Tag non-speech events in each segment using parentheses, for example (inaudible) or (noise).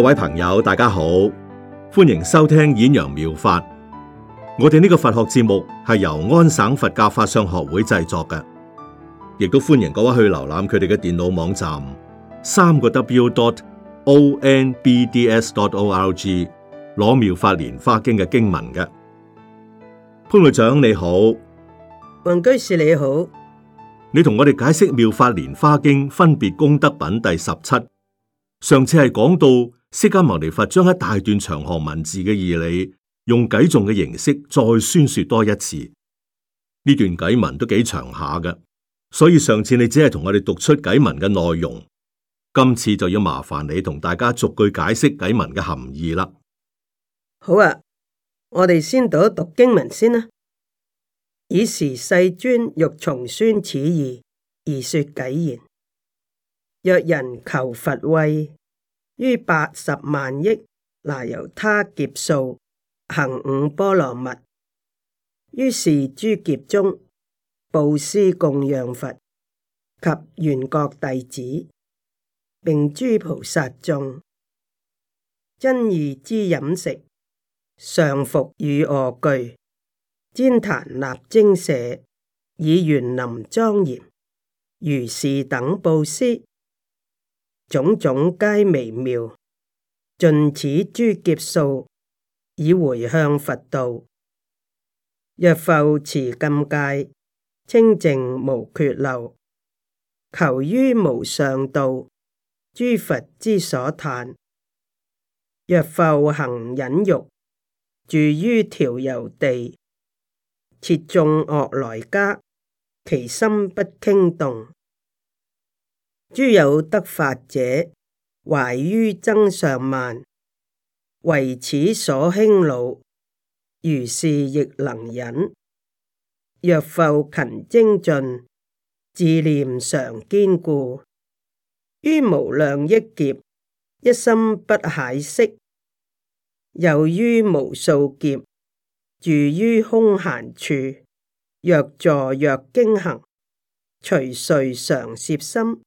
各位朋友，大家好，歡迎收聽演揚妙，妙法。我哋呢個佛學節目係由安省佛教法相學會製作嘅，亦都歡迎各位去瀏覽佢哋嘅電腦網站，三個 w dot o n b d s dot o r g 攞妙法蓮花經嘅經文嘅。潘會長你好，雲居士你好，你同我哋解釋妙法蓮花經分別功德品第十七，上次係講到。釋迦牟尼佛將一大段長行文字嘅義理，用偈頌嘅形式再宣說多一次。呢段偈文都幾長下嘅，所以上次你只係同我哋讀出偈文嘅內容，今次就要麻煩你同大家逐句解釋偈文嘅含義啦。好啊，我哋先讀一讀經文先啦。以時世尊欲重宣此義，而說偈言：若人求佛慧，於八十萬億，那由他劫數行五波羅蜜，於是諸劫中，布施供養佛及緣覺弟子，並諸菩薩眾，真義之飲食，上服與臥具，旃檀立精舍，以園林莊嚴，如是等布施。種種皆微妙，盡此諸劫數，以回向佛道。若復持禁戒，清淨無缺漏，求於無上道，諸佛之所嘆。若復行忍辱，住於調柔地，切眾惡來加，其心不傾動。諸有得法者，懷於增上慢，為此所輕惱，如是亦能忍。若復勤精進，自念常堅固，於無量億劫，一心不懈息。又於無數劫，住於空閒處，若坐若經行，隨睡常攝心。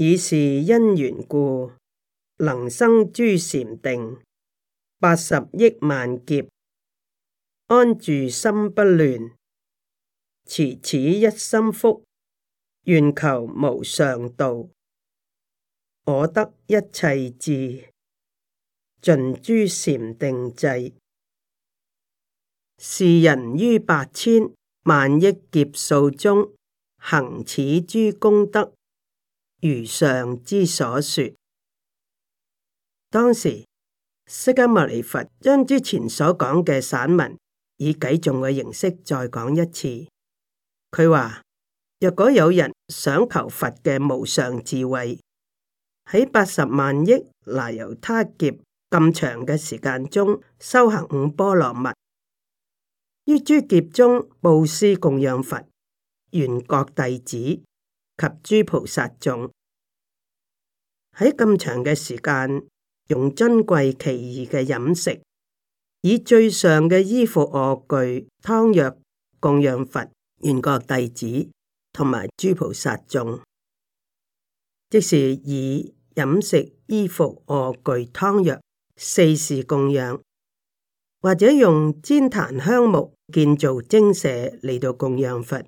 以是因緣故，能生諸禪定，八十億萬劫，安住心不亂，持此一心福，願求無上道，我得一切智，盡諸禪定際，是人於百千萬億劫數中，行此諸功德。如上之所說，當時釋迦牟尼佛將之前所講嘅散文以偈頌嘅形式再講一次。佢話：若果有人想求佛嘅無上智慧，喺八十萬億那由他劫咁長嘅時間中修行五波羅蜜，於諸劫中布施供養佛，緣覺弟子。及諸菩薩眾喺咁長嘅時間，用珍貴奇異嘅飲食，以最上嘅衣服、臥具、湯藥供養佛、緣覺弟子同埋諸菩薩眾，即是以飲食、衣服、臥具、湯藥四事供養，或者用旃檀香木建造精舍嚟到供養佛。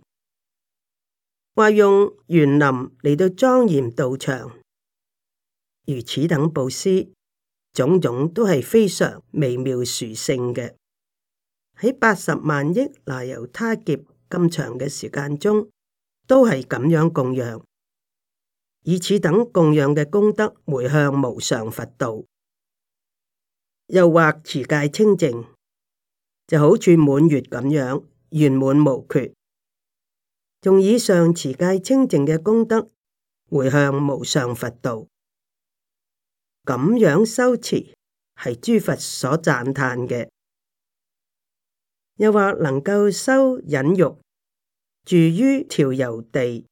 話用園林嚟到莊嚴道場，如此等布施種種都係非常微妙殊勝嘅。喺八十萬億那由他劫咁長嘅時間中，都係咁樣供養，以此等供養嘅功德回向無上佛道，又或持戒清淨，就好似滿月咁樣圓滿無缺。仲以上持戒清淨嘅功德回向無上佛道，咁樣修持係諸佛所讚嘆嘅，又或能夠修忍辱，住於調柔地，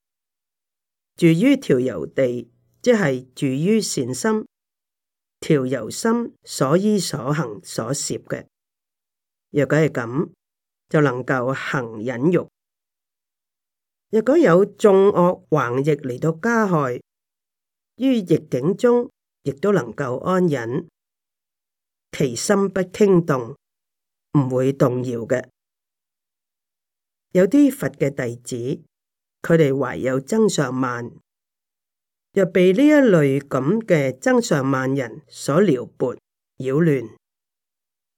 住於調柔地即係住於善心，調柔心所依所行所攝嘅，若果係咁，就能夠行忍辱。若果有眾惡橫逆嚟到加害於逆境中，亦都能夠安忍，其心不聽動，唔會動搖嘅。有啲佛嘅弟子，佢哋懷有增上慢，若被呢一類咁嘅增上慢人所撩撥擾亂，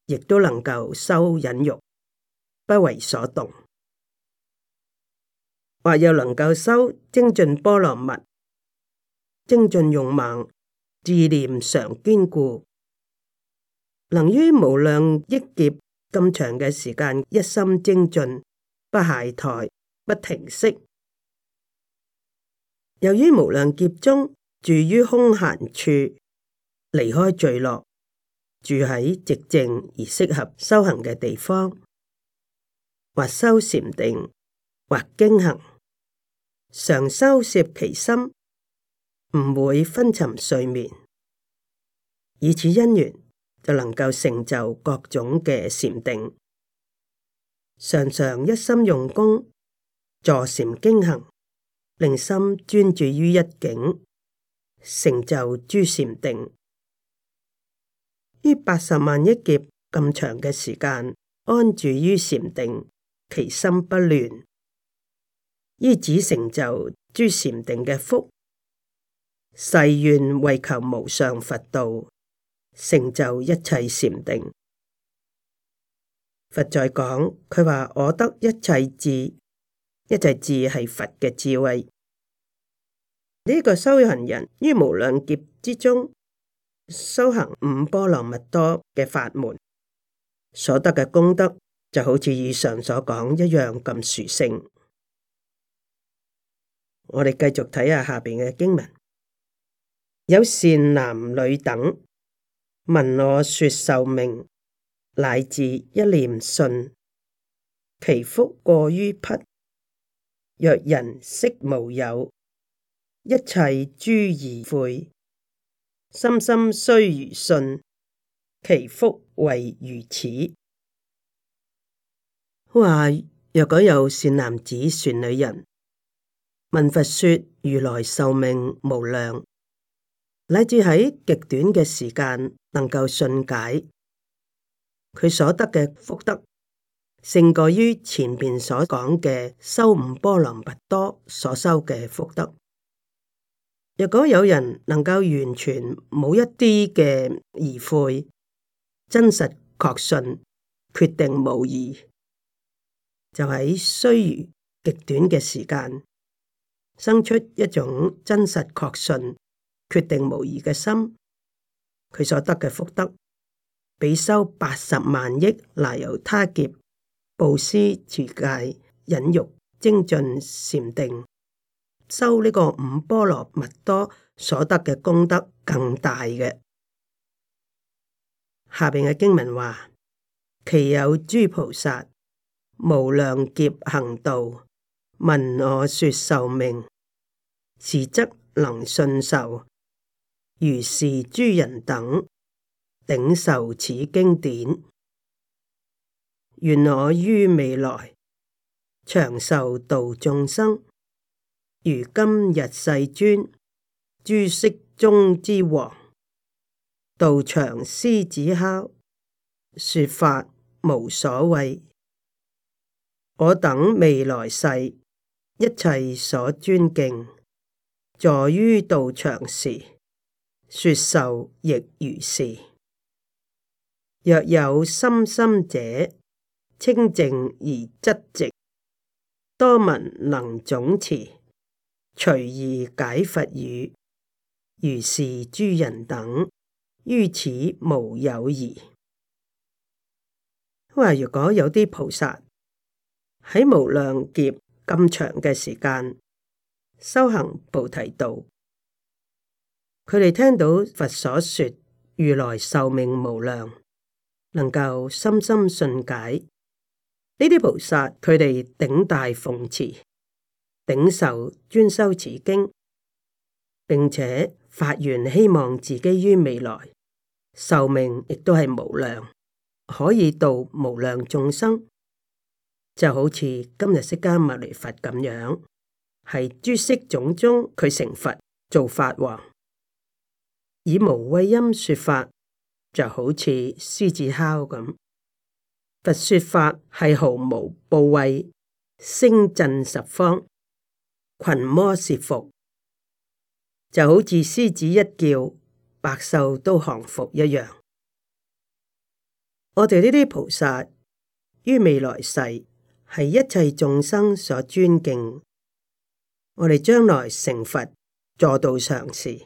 亦都能夠收忍辱，不為所動。或又能夠修精進波羅蜜，精進勇猛，自念常堅固，能於無量億劫咁長嘅時間，一心精進，不懈怠，不停息。由於無量劫中住於空閒處，離開聚落，住喺寂靜而適合修行嘅地方，或修禪定，或經行。常修攝其心，唔會昏沉睡眠，以此因緣就能夠成就各種嘅禪定。常常一心用功坐禪經行，令心專注於一境，成就諸禪定。於八十萬億劫咁長嘅時間安住於禪定，其心不亂。依止成就諸禪定嘅福，誓願為求無上佛道，成就一切禪定。佛在講，佢話我得一切智，一切智係佛嘅智慧。呢、這個修行人於無量劫之中修行五波羅蜜多嘅法門，所得嘅功德就好似以上所講一樣咁殊勝。我哋繼續睇下下邊嘅經文，有善男女等聞我說壽命乃至一念信，其福過於彼。若人悉無有，一切諸疑悔，深心須臾信，其福為如此。話若果有善男子、善女人。聞佛說：如來壽命無量，乃至喺極短嘅時間能夠信解，佢所得嘅福德勝過於前邊所講嘅修五波羅蜜多所修嘅福德。若果有人能夠完全冇一啲嘅疑悔，真實確信，決定無疑，就喺須臾極短嘅時間。生出一種真實確信、決定無疑嘅心，佢所得嘅福德，比修八十萬億那由他劫布施持戒忍辱精進禪定，修呢個五波羅蜜多所得嘅功德更大嘅。下邊嘅經文話：其有諸菩薩無量劫行道。問我說壽命，是則能信受。如是諸人等，頂受此經典。願我於未來長壽度眾生。如今日世尊，朱釋宗之王，道長獅子孝。說法，無所謂。我等未來世。一切所尊敬，坐於道場時，說受亦如是。若有心心者，清淨而質直，多聞能總持，隨意解佛語，如是諸人等，於此無有疑。話，如果有啲菩薩喺無量劫。咁長嘅時間修行菩提道，佢哋聽到佛所說，如來壽命無量，能夠深深信解呢啲菩薩，佢哋頂大奉持，頂受專修此經，並且發願希望自己於未來壽命亦都係無量，可以度無量眾生。就好似今日釋迦牟尼佛咁樣，係諸色種中佢成佛做法王，以無畏音說法，就好似獅子哮咁。佛說法係毫無怖畏，聲震十方，群魔懾伏，就好似獅子一叫，百獸都降服一樣。我哋呢啲菩薩於未來世。係一切眾生所尊敬，我哋將來成佛，做到常時，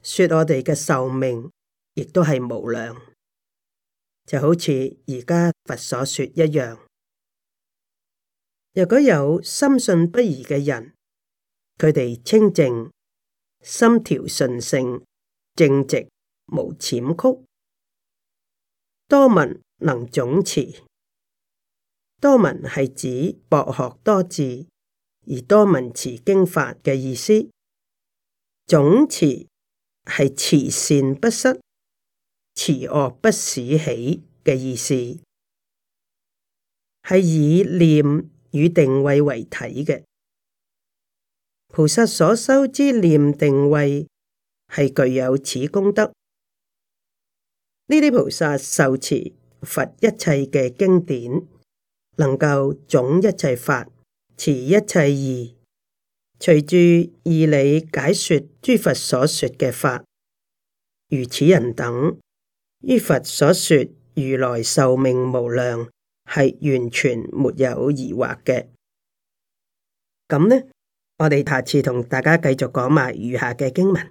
說我哋嘅壽命亦都係無量，就好似而家佛所說一樣。若果有深信不疑嘅人，佢哋清淨，心調順性，正直無諂曲，多聞能總持。多聞係指博學多智，而多聞持經法嘅意思，總持係持善不失，持惡不使起嘅意思，係以念與定慧為體嘅。菩薩所修之念定慧係具有此功德，呢啲菩薩受持佛一切嘅經典。能夠總一切法，持一切義，隨住義理解說諸佛所說嘅法，如此人等，於佛所說如來壽命無量，係完全沒有疑惑嘅。咁呢，我哋下次同大家繼續講埋餘下嘅經文。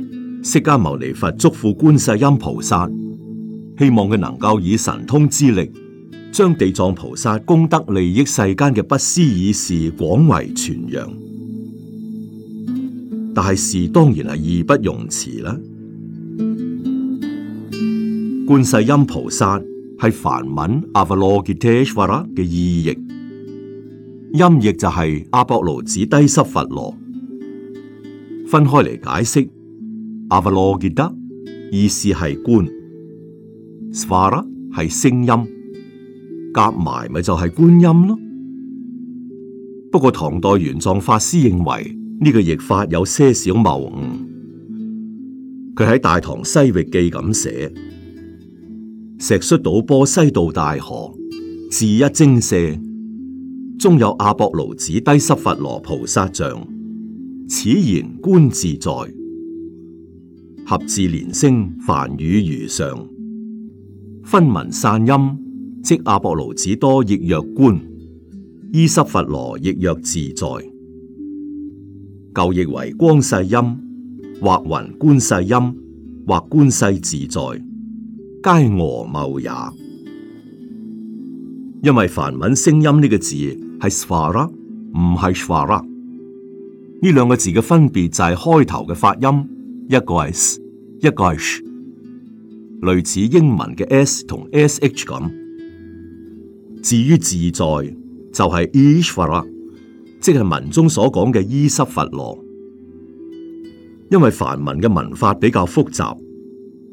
釋迦牟尼佛囑咐觀世音菩薩，希望佢能夠以神通之力，將地藏菩薩功德利益世間嘅不思議事廣為傳揚。大事當然係義不容辭啦。觀世音菩薩係梵文阿婆羅吉鐵哇拉嘅意譯，音譯就係阿婆盧枳低濕伐羅。分開嚟解釋。阿婆羅揭德意思係觀，Svara 係聲音，夾埋咪就係觀音咯。不過唐代玄奘法師認為呢、這個譯法有些少謬誤。佢喺《大唐西域記》咁寫：石窣堵波西渡大河，字一精舍，中有阿博盧枳低濕伐羅菩薩像。此言觀自在。合字連聲，梵語如上。分文散音，即阿伯盧子多亦若觀，伊濕佛羅亦若自在。舊譯為光世音，或云觀世音，或觀世自在，皆訛謬也。因為梵文聲音呢個字係 svara 唔係 shvara。呢兩個字嘅分別就係開頭嘅發音，一個係。一個 sh 類似英文嘅 s 同 sh 咁，至於自在就係、是、ishvara，即係文中所講嘅伊濕佛羅。因為梵文嘅文法比較複雜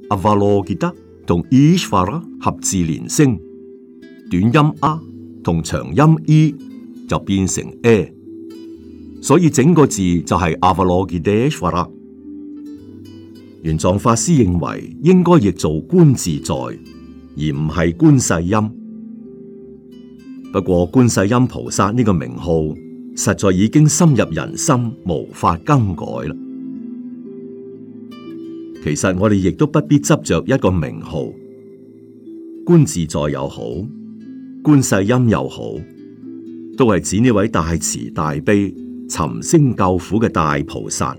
，avalokita 同 ishvara 合字連聲，短音 r 同長音 E 就變成 a，所以整個字就係 avalokitaishvara。玄奘法師認為應該亦做觀自在，而唔係觀世音。不過觀世音菩薩呢個名號實在已經深入人心，無法更改啦。其實我哋亦都不必執着一個名號，觀自在又好，觀世音又好，都係指呢位大慈大悲、尋聲救苦嘅大菩薩。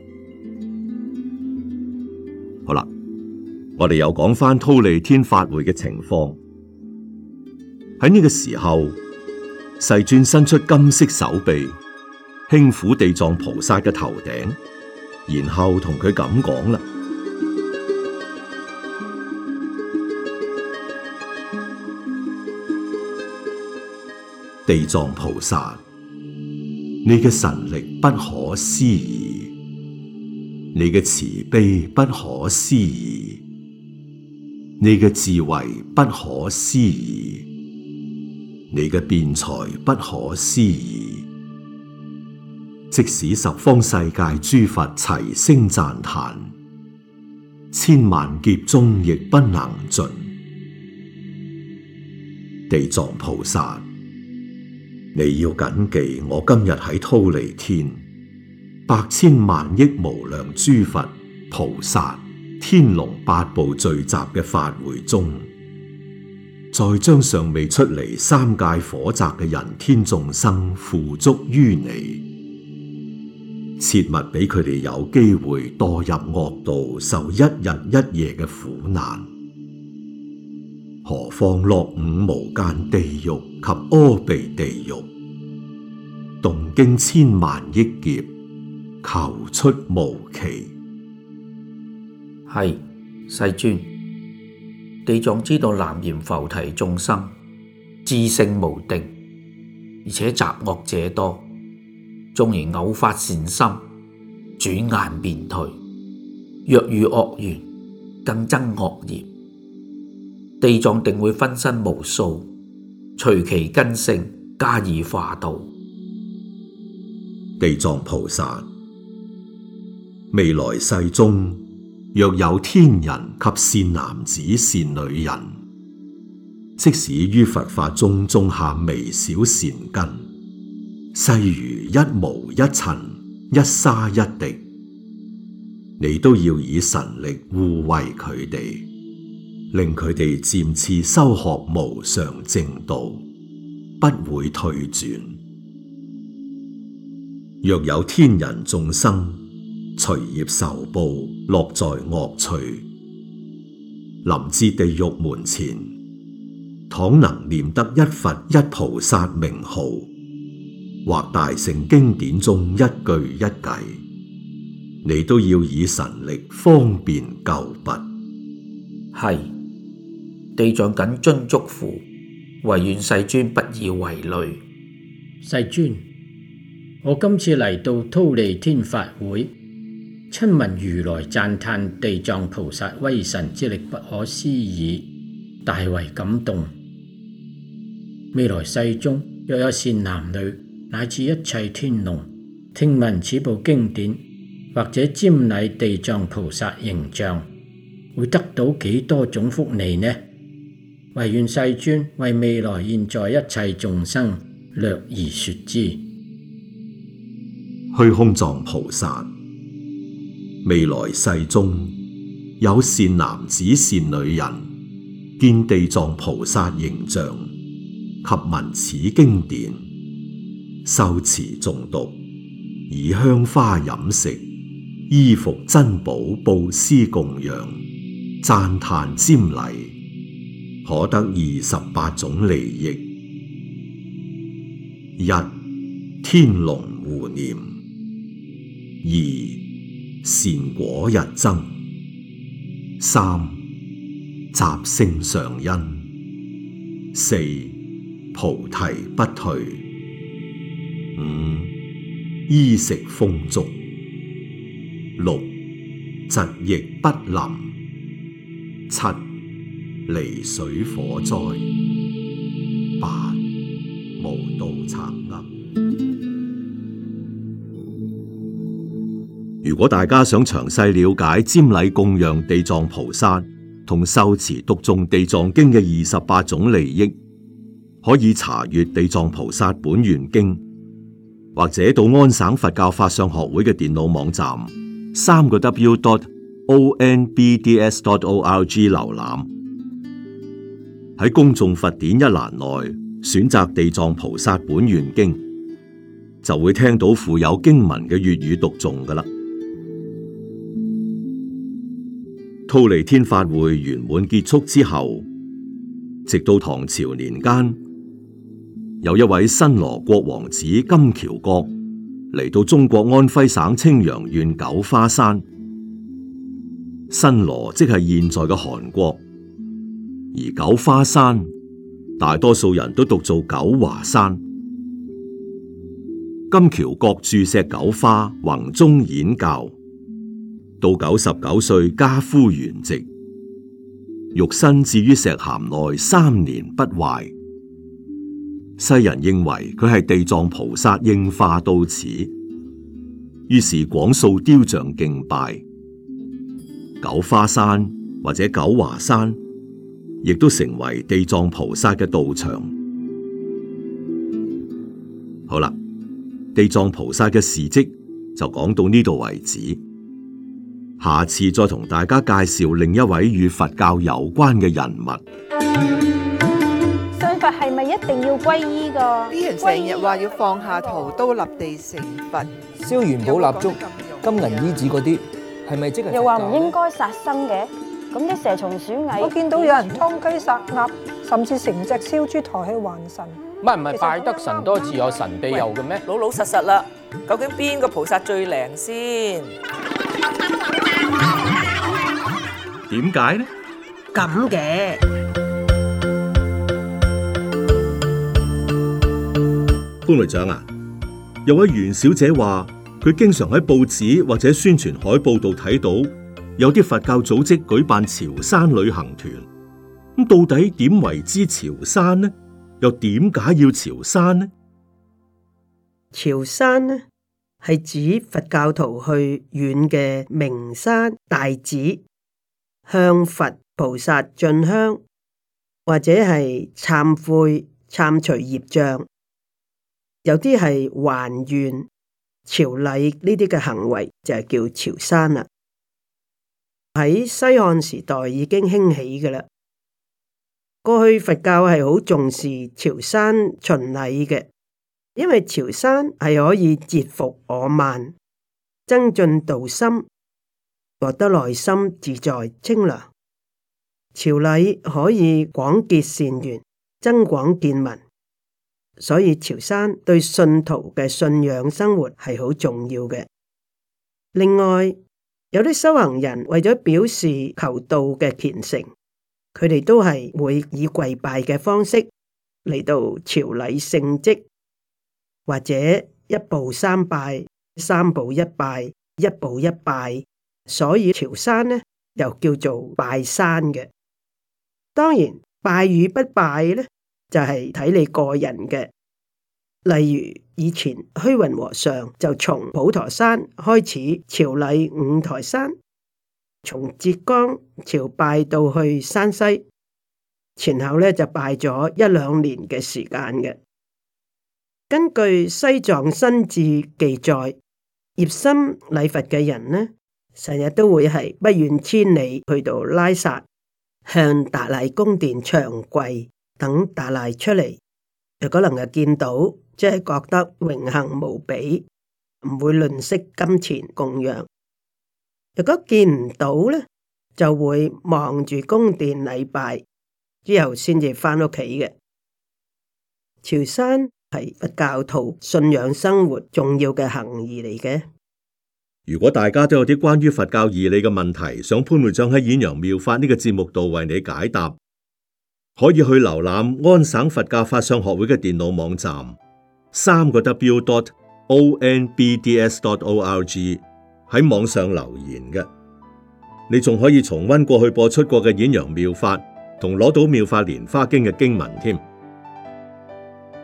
我哋又講返忉利天法會嘅情況。喺呢個時候，世尊伸出金色手臂，輕撫地藏菩薩嘅頭頂，然後同佢咁講啦：地藏菩薩，你嘅神力不可思議，你嘅慈悲不可思議。你嘅智慧不可思議，你嘅辯才不可思議。即使十方世界諸佛齊聲讚嘆，千萬劫中亦不能盡。地藏菩薩，你要謹記，我今日喺忉利天，百千萬億無量諸佛菩薩。天龍八部聚集嘅法會中，再將尚未出嚟三界火宅嘅人天眾生付囑於你，切勿俾佢哋有機會墮入惡道，受一日一夜嘅苦難。何況落五無間地獄及阿鼻地獄，動經千萬億劫，求出無期。係，世尊，地藏知道南閻浮提眾生志性無定，而且雜惡者多，縱然偶發善心，轉眼便退；若遇惡緣，更增惡業。地藏定會分身無數，隨其根性加以化導。地藏菩薩，未來世中。若有天人及善男子善女人，即使於佛法中種下微小善根，細如一毛一塵、一沙一滴，你都要以神力護衛佢哋，令佢哋漸次修學無上正道，不會退轉。若有天人眾生。隨業受報，落在惡趣，臨至地獄門前，倘能念得一佛一菩薩名號，或大乘經典中一句一偈，你都要以神力方便救拔。係地藏謹遵囑咐，唯願世尊不以為累。世尊，我今次嚟到忉利天法會。親聞如來讚歎地藏菩薩威神之力不可思議，大為感動。未來世中，若有善男女乃至一切天龍，聽聞此部經典或者瞻禮地藏菩薩形象，會得到幾多種福利呢？唯願世尊為未來現在一切眾生略而說之。虛空藏菩薩。未來世中有善男子善女人見地藏菩薩形象，及聞此經典，受持誦讀，以香花飲食、衣服珍寶布施供養，讚歎瞻禮，可得二十八種利益：一、天龍護念；二、善果日增，三集聖上因，四菩提不退，五衣食豐足，六疾疫不臨，七離水火災，八無盜賊厄。如果大家想詳細了解占禮供養地藏菩薩同受持讀誦地藏經嘅二十八種利益，可以查閱《地藏菩薩本願經》，或者到安省佛教法相學會嘅電腦網站，三個 W dot O N B D S dot O R G 瀏覽，喺公眾佛典一欄內選擇《地藏菩薩本願經》，就會聽到附有經文嘅粵語讀誦噶啦。忉利天法會圓滿結束之後，直到唐朝年間，有一位新羅國王子金喬覺嚟到中國安徽省青陽縣九花山。新羅即係現在嘅韓國，而九花山大多數人都讀做九華山。金喬覺駐錫九花，弘宗演教。到九十九歲，家夫圓寂，肉身置於石函內三年不壞。世人認為佢係地藏菩薩應化到此，於是廣塑雕像敬拜。九花山或者九華山，亦都成為地藏菩薩嘅道場。好啦，地藏菩薩嘅事迹就講到呢度為止。下次再同大家介紹另一位與佛教有關嘅人物。信佛係咪一定要皈依噶？啲人成日話要放下屠刀，立地成佛，燒元寶蠟燭、金銀衣紙嗰啲，係咪即係？又話唔應該殺生嘅，咁啲蛇蟲鼠蟻，我見到有人劏雞殺鴨，甚至成隻燒豬抬去還神。唔係唔係，拜得神多自有神庇佑嘅咩？老老實實啦，究竟邊個菩薩最靈先？點解呢？咁嘅，潘隊 (music) 長啊，有位袁小姐話佢經常喺報紙或者宣傳海報度睇到有啲佛教組織舉辦朝山旅行團。咁到底點為之朝山呢？又點解要朝山呢？朝山呢係指佛教徒去遠嘅名山大寺。向佛菩薩進香，或者係懺悔、懺除業障，有啲係還願、朝禮呢啲嘅行為，就係叫朝山啦。喺西漢時代已經興起噶啦。過去佛教係好重視朝山巡禮嘅，因為朝山係可以折伏我慢，增進道心。獲得內心自在、清涼，朝禮可以廣結善緣、增廣見聞，所以朝山對信徒嘅信仰生活係好重要嘅。另外，有啲修行人為咗表示求道嘅虔誠，佢哋都係會以跪拜嘅方式嚟到朝禮聖蹟，或者一步三拜、三步一拜、一步一拜。所以朝山呢，又叫做拜山嘅。當然拜與不拜呢，就係、是、睇你個人嘅。例如以前虛雲和尚就從普陀山開始朝禮五台山，從浙江朝拜到去山西，前後咧就拜咗一兩年嘅時間嘅。根據西藏新志記載，熱心禮佛嘅人呢，成日都會係不遠千里去到拉薩，向達賴宮殿長跪，等達賴出嚟，若果能夠見到，即係覺得榮幸無比，唔會吝嗇金錢供養。若果見唔到咧，就會望住宮殿禮拜之後，先至翻屋企嘅。朝山係佛教徒信仰生活重要嘅行儀嚟嘅。如果大家都有啲關於佛教義理嘅問題，想潘會長喺《演揚妙法》呢個節目度為你解答，可以去瀏覽安省佛教法相學會嘅電腦網站，三個 w dot o n b d s dot o r g 喺網上留言嘅。你仲可以重溫過去播出過嘅《演揚妙法》同攞到《妙法蓮華經》嘅經文添。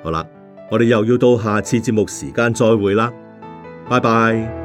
好啦，我哋又要到下次節目時間再會啦，拜拜。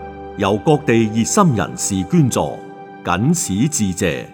由各地熱心人士捐助，僅此致謝。